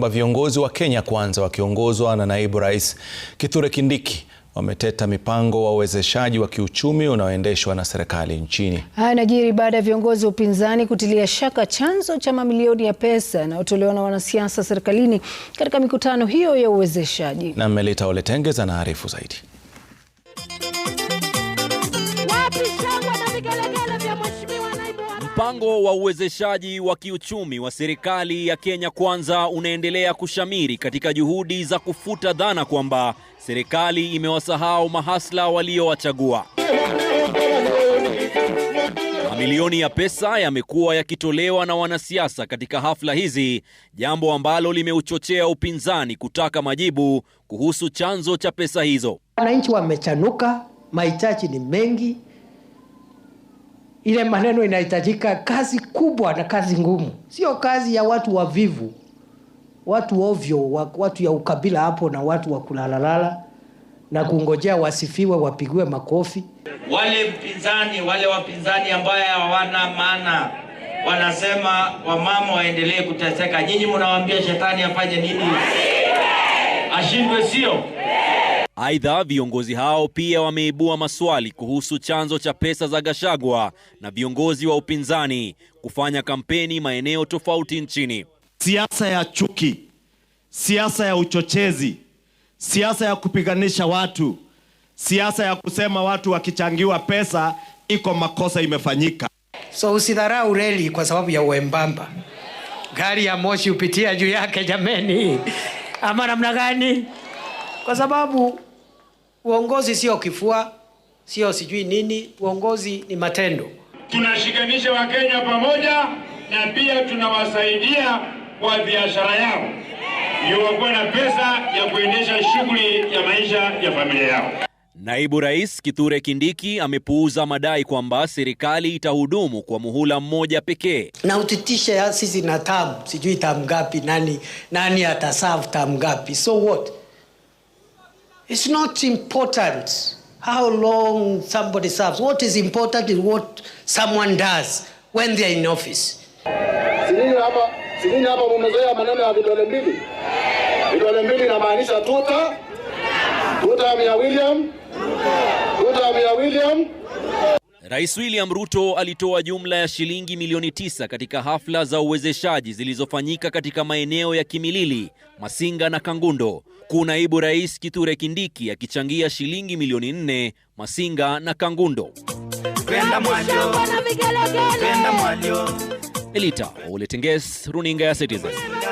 kwamba viongozi wa Kenya Kwanza wakiongozwa na naibu rais Kithure Kindiki wameteta mipango wa uwezeshaji wa kiuchumi unaoendeshwa na serikali nchini. Haya najiri baada ya viongozi wa upinzani kutilia shaka chanzo cha mamilioni ya pesa yanayotolewa na wanasiasa serikalini katika mikutano hiyo ya uwezeshaji. Na Melita Oletengez anaarifu zaidi. Mpango wa uwezeshaji wa kiuchumi wa serikali ya Kenya Kwanza unaendelea kushamiri katika juhudi za kufuta dhana kwamba serikali imewasahau mahasla waliowachagua. Mamilioni ya pesa yamekuwa yakitolewa na wanasiasa katika hafla hizi, jambo ambalo limeuchochea upinzani kutaka majibu kuhusu chanzo cha pesa hizo. Wananchi wamechanuka, mahitaji ni mengi ile maneno inahitajika kazi kubwa na kazi ngumu, sio kazi ya watu wavivu, watu ovyo, watu ya ukabila hapo na watu wa kulalalala na kungojea wasifiwe, wapigwe makofi. Wale mpinzani, wale wapinzani ambaye hawana maana, wanasema wamama waendelee kuteseka. Nyinyi mnawaambia shetani afanye nini? Ashindwe, sio? Aidha, viongozi hao pia wameibua maswali kuhusu chanzo cha pesa za Gachagua na viongozi wa upinzani kufanya kampeni maeneo tofauti nchini. Siasa ya chuki, siasa ya uchochezi, siasa ya kupiganisha watu, siasa ya kusema watu wakichangiwa pesa iko makosa imefanyika. So usidharau reli kwa sababu ya uembamba. Gari ya moshi hupitia juu yake, jameni, ama namna gani? kwa sababu uongozi sio kifua, sio sijui nini. Uongozi ni matendo. Tunashikanisha Wakenya pamoja na pia tunawasaidia kwa biashara yao ndio na pesa ya kuendesha shughuli ya maisha ya familia yao. Naibu Rais Kithure Kindiki amepuuza madai kwamba serikali itahudumu kwa muhula mmoja pekee. Na utitisha sisi na tamu, sijui tamu ngapi, nani nani atasafu tamu ngapi, so what It's not important how long somebody serves. What is important is what someone does when they are in office. Sinini hapa maneno ya vidole Vidole mbili inamaanisha William, William. Rais William Ruto alitoa jumla ya shilingi milioni tisa katika hafla za uwezeshaji zilizofanyika katika maeneo ya Kimilili, Masinga na Kangundo, huku naibu rais Kithure Kindiki akichangia shilingi milioni nne Masinga na Kangundo. Elita Oletenges, runinga ya Citizen.